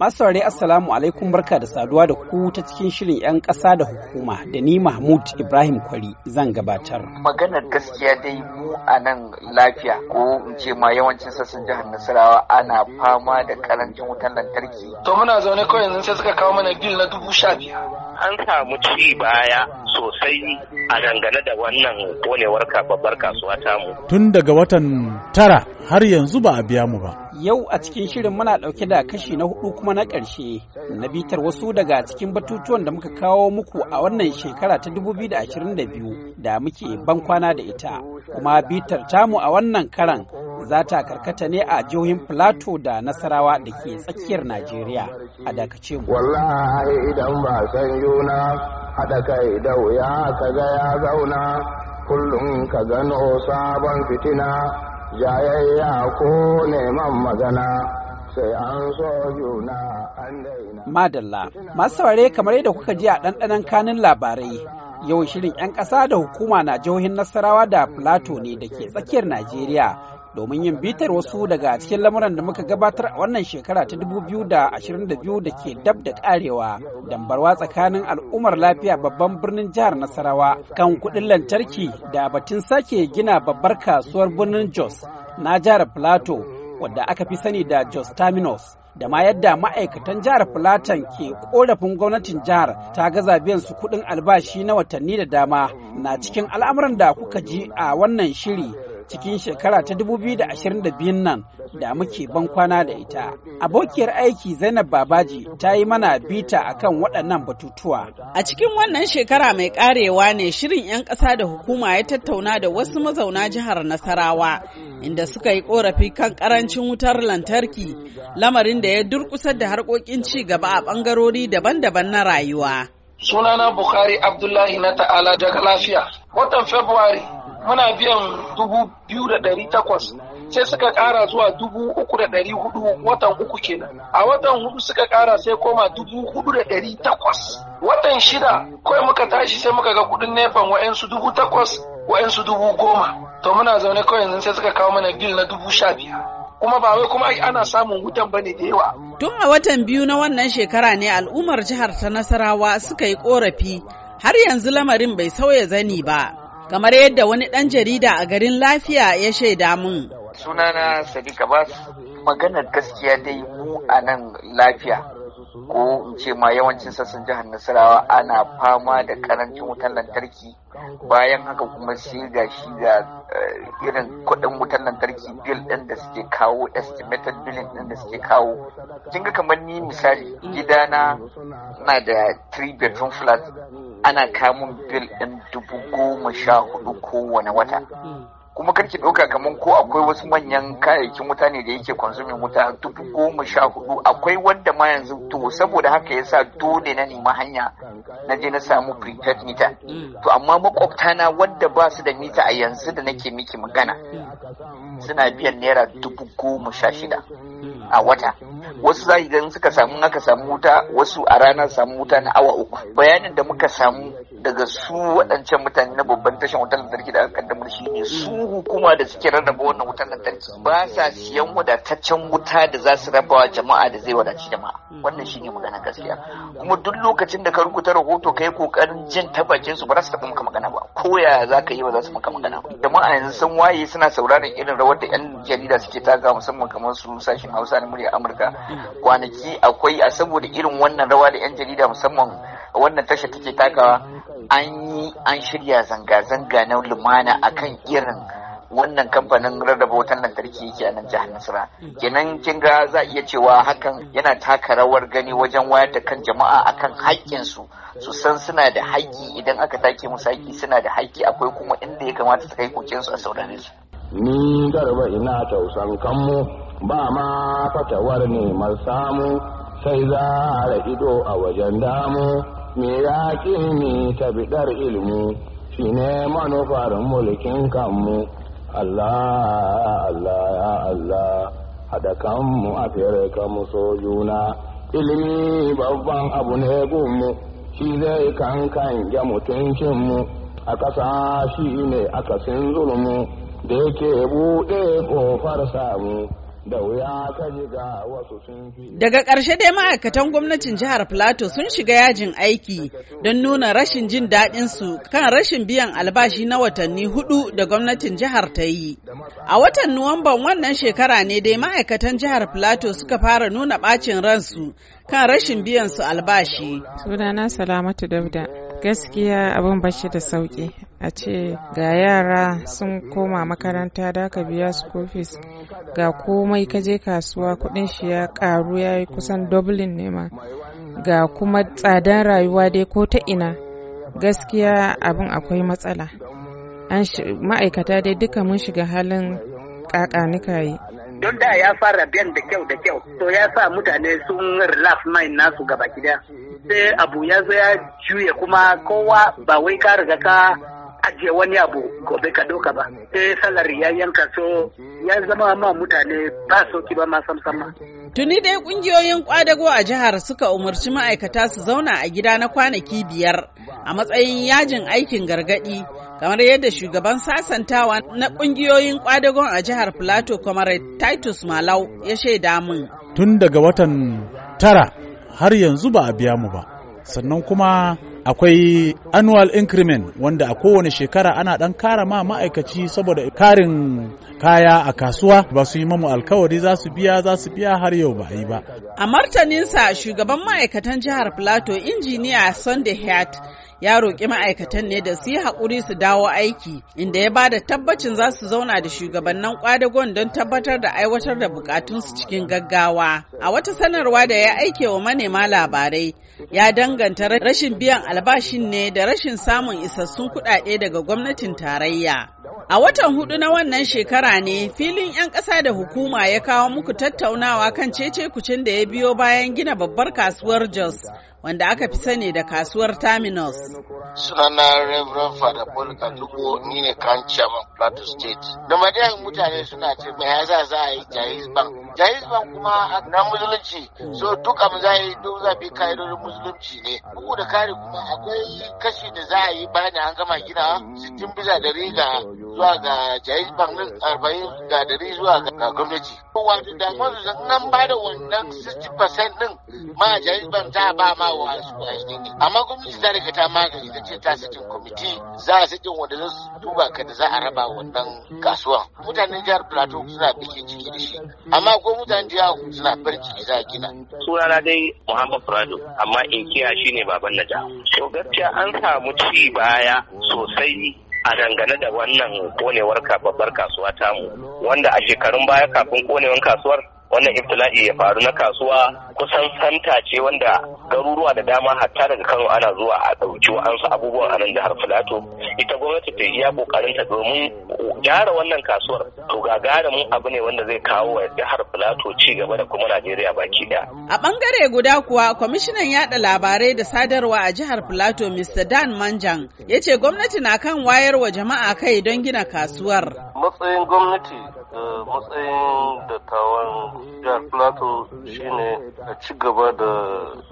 Masu Assalamu alaikum barka da saduwa da ku ta cikin shirin 'yan ƙasa da hukuma da ni Mahmud Ibrahim Kwari zan gabatar. Maganar gaskiya dai mu a nan lafiya ko in ce ma yawancin sassan jihar Nasarawa ana fama da karancin wutan lantarki. To muna zaune kawai yanzu sai suka kawo mana bil na dubu sha An samu ci baya sosai a dangane da wannan konewar babbar kasuwa tamu. Tun daga watan tara har yanzu ba a biya mu ba. Yau a cikin shirin muna ɗauke da kashi na hudu kuma na ƙarshe na bitar wasu daga cikin batutuwan da muka kawo muku a wannan shekara ta 2022 da muke ban kwana da ita. Kuma bitar tamu a wannan karan za ta karkata ne a jihohin Plateau da Nasarawa da ke tsakiyar Najeriya a dakace mu. Wallahi idan ba san juna, haɗa kai da wuya ka ya zauna kullum ka gano sabon fitina jayayya ko neman magana sai an so juna an daina. Madalla, masu saurare kamar yadda kuka ji a ɗanɗanon kanin labarai. Yau shirin 'yan ƙasa da hukuma na jihohin Nasarawa da Plateau ne da ke tsakiyar Najeriya domin yin bitar wasu daga cikin lamuran da muka gabatar a wannan shekara ta 2022 da ke dab da karewa dambarwa tsakanin al'ummar lafiya babban birnin jihar Nasarawa kan kuɗin lantarki da batun sake gina babbar kasuwar birnin Jos na jihar plato wadda aka fi sani da Jos Terminus. da ma yadda ma'aikatan jihar Filatan ke korafin gwamnatin jihar ta gaza biyan su kudin albashi na watanni da dama na cikin al'amuran da kuka ji a wannan shiri cikin shekara ta 2022 nan da muke ban kwana da ita. Abokiyar aiki Zainab Babaji ta yi mana bita akan waɗannan batutuwa. A cikin wannan shekara mai ƙarewa ne shirin 'yan ƙasa da hukuma ya tattauna da wasu mazauna jihar Nasarawa inda suka yi ƙorafi kan ƙarancin wutar lantarki lamarin da ya durƙusar da harkokin ci gaba a ɓangarori daban-daban na rayuwa. sunana Bukhari Abdullahi na ta'ala daga lafiya. Watan Februari muna biyan dubu biyu da ɗari takwas sai suka ƙara zuwa dubu uku da ɗari hudu watan uku kenan. A watan hudu suka ƙara sai koma dubu hudu da ɗari takwas. Watan shida kawai muka tashi sai muka ga kuɗin nefan wa'yansu dubu takwas wa'yansu dubu goma. To muna zaune kawai yanzu sai suka kawo mana bil na dubu sha biyar. Kuma ba wai kuma ana samun wutan bane da yawa. Tun a watan biyu na wannan shekara ne al'ummar jihar ta Nasarawa suka yi korafi har yanzu lamarin bai sauya zani ba, kamar yadda wani ɗan jarida a garin lafiya ya shaida mun. Sunana Sadiq Abbas maganar gaskiya dai mu a nan lafiya ko in ce ma yawancin sassan jihar nasarawa ana fama da karancin wutan lantarki bayan haka kuma sai ga shi ga eh, irin kuɗin wutar lantarki bil ɗin da suke kawo estimated billing din da suke kawo kin ga kamar ni misali gidana na da 3 bedroom flat ana kamun bil ɗin dubu goma sha hudu kowane wata kuma karki ɗauka kamar ko akwai wasu manyan kayayyakin wuta ne da yake kwanzumin wuta dubu goma sha hudu akwai wanda ma yanzu to saboda haka yasa dole na nema hanya na je na samu prepaid mita to amma makwabta na wanda ba su da mita a yanzu da nake miki magana suna biyan naira dubu goma sha shida a wata wasu za idan suka samu aka samu wuta wasu a rana samu wuta na awa uku bayanin da muka samu daga su waɗancan mutane na babban tashin wutar lantarki da aka kaddamar shi ne su hukuma da suke rarraba wannan wutar lantarki ba sa siyan wadataccen wuta da za su raba wa jama'a da zai wadaci jama'a wannan shi ne magana gaskiya kuma duk lokacin da ka rubuta rahoto ka yi kokarin jin tabbacin su ba za su taɓa maka magana ba ko ya za ka yi ba za su maka magana ba jama'a yanzu sun waye suna sauraron irin rawar da 'yan jarida suke taka musamman kamar su sashen hausa na murya amurka kwanaki akwai a saboda irin wannan rawa da 'yan jarida musamman wannan tasha take takawa an yi an shirya zanga-zanga na lumana akan irin wannan kamfanin rarraba wutan lantarki yake a nan jihar Nasara. Kenan kin ga za iya cewa hakan yana taka rawar gani wajen wayar da kan jama'a akan haƙƙin su su san suna da haƙƙi idan aka take musu haƙƙi suna da haƙƙi akwai kuma inda ya kamata su kai kokin su a saurare su. Ni garba ina usan kanmu ba ma fatawar neman samu sai za a ido a wajen damu me ya ni ta bidar ilmu shi ne manufar mulkin kanmu Allah Allah ya Allah hada kanmu a fere mu so juna ilimi babban abu ne gunmu shi zai kankan ga mutuncinmu a ƙasa shi ne akasin zulmu da yake buɗe ƙofar samu. Daga ƙarshe dai ma'aikatan gwamnatin jihar Plateau sun shiga yajin aiki don nuna rashin jin daɗinsu kan rashin biyan albashi na watanni hudu da gwamnatin jihar ta yi. A watan Nuwamban wannan shekara ne dai ma'aikatan jihar Plateau suka fara nuna ɓacin ransu kan rashin biyan su albashi. Sunana Salamatu Dauda. gaskiya abin bashi da sauki a ce ga yara sun koma makaranta da aka biya su fees ga komai ka je kasuwa kudin shi ya karu ya yi kusan dublin ne ma ga kuma tsadan rayuwa dai ko ta ina gaskiya abin akwai matsala ma'aikata dai duka mun shiga halin kakanika yi don da ya fara biyan da kyau da kyau to ya sa mutane sun relax mind nasu gaba gida sai abu ya zo ya juye kuma kowa ba wai ka riga ka ajiye wani abu gobe ka doka ba sai salari ya yanka so ya zama ma mutane ba ki ba ma sam sama Tuni dai kungiyoyin kwadago a jihar suka umarci ma'aikata su zauna a gida na kwanaki biyar a matsayin yajin aikin gargadi kamar yadda shugaban sasantawa na kungiyoyin kwadagon a jihar Plateau Comrade Titus Malau ya shaida mun. Tun daga watan tara har yanzu ba a biya mu ba. Sannan kuma akwai annual increment wanda a kowane shekara ana dan kara ma ma'aikaci saboda karin kaya a kasuwa ba su yi mamu alkawari za su biya za su biya har yau ba yi ba. A martaninsa shugaban ma'aikatan jihar Plateau injiniya Sunday Hat ya roƙi ma'aikatan ne da su yi haƙuri su dawo aiki inda ya bada tabbacin za su zauna da shugabannin kwadagon don tabbatar da aiwatar da bukatunsu cikin gaggawa a wata sanarwa da ya aike wa manema labarai ya danganta rashin biyan albashin ne da rashin samun isassun kuɗaɗe daga gwamnatin tarayya a watan hudu na wannan shekara ne filin 'yan ƙasa da hukuma ya kawo muku tattaunawa kan cece kucin da ya biyo bayan gina babbar kasuwar jos wanda aka fi sani da kasuwar terminus. Sunana Reverend Father Paul kaduko ni ne kan chairman Plateau State. Da madayan mutane suna ce me ya za a yi jahiz Bank. jahiz Bank kuma na musulunci so duk abin za a yi duk za bi ka'idodin musulunci ne. Bugu da kare kuma akwai kashi da za a yi bayan an gama gina sittin bisa dari ga zuwa ga jahiz Bank arba'in ga dari zuwa ga gwamnati. Wato da nan ba da wannan 60% din ma jahiz Bank za a ba ma kawo wasu kuɗaɗe ne amma gwamnati ta riga ta magani ta ce ta sakin kwamiti za a sitin wanda za su duba ka da za a raba wannan kasuwan mutanen jihar plateau suna bikin ciki da shi amma ko mutanen jihar suna farin ciki za a gina. sunana dai muhammad prado amma in shi ne baban naja to gaskiya an samu ci baya sosai a dangane da wannan konewar babbar kasuwa tamu wanda a shekarun baya kafin konewar kasuwar wannan iftila'i ya faru na kasuwa kusan fanta ce wanda garuruwa da dama hatta daga Kano ana zuwa a ɗauki wa'ansu abubuwan anan da jihar Filato. Ita gwamnati ta iya ta domin gyara wannan kasuwar to ga mun abu ne wanda zai kawo wa jihar Filato ci gaba da kuma Najeriya baki daya. A bangare guda kuwa kwamishinan yaɗa labarai da sadarwa a jihar Filato Mr. Dan Manjan ya ce gwamnati na kan wayar wa jama'a kai don gina kasuwar. Matsayin gwamnati da eh, matsayin dattawan jihar Filato shine a ci gaba da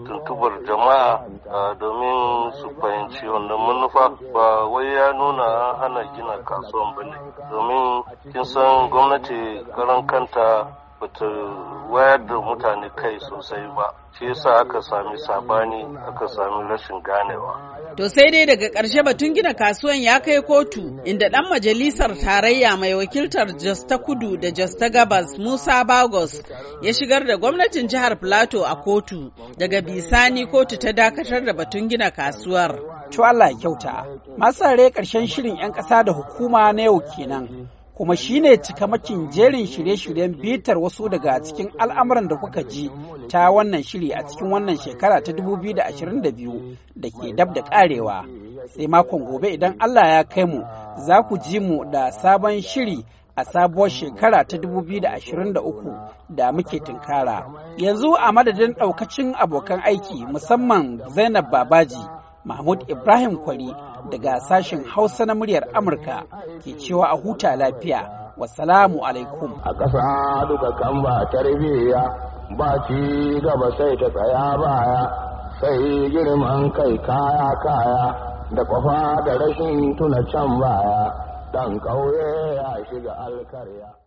tuntubar jama'a domin su fahimci wannan manufa ba wai ya nuna an hana gina kasuwan ba ne domin kin san gwamnati karan kanta bata wayar da mutane kai sosai ba shi yasa aka sami sabani aka sami rashin ganewa To sai dai daga ƙarshe batun gina kasuwan ya kai kotu inda ɗan majalisar tarayya mai wakiltar Jos ta Kudu da Jos Gabas Musa Bagos ya shigar da gwamnatin jihar plato a kotu daga bisani kotu ta dakatar da batun gina kasuwar. ya kyauta, masu ƙarshen shirin 'yan ƙasa da hukuma na yau kenan. kuma shine cikamakin jerin shirye-shiryen bitar wasu daga cikin al'amuran da kuka ji ta wannan shiri a cikin wannan shekara ta 2022 da ke dab da karewa sai makon gobe idan Allah ya kai mu za ku ji mu da sabon shiri a sabuwar shekara ta 2023 da muke tunkara yanzu a madadin ɗaukacin abokan aiki musamman zainab babaji Mahmud Ibrahim Kwari daga sashen Hausa na muryar Amurka ke cewa a huta lafiya. Wasalamu alaikum. A ƙasa duka kan ba tarbiyya ba ci gaba sai ta tsaya baya sai girman kai kaya kaya da kwafa da rashin tuna can baya ɗan ƙauye ya shiga alkarya.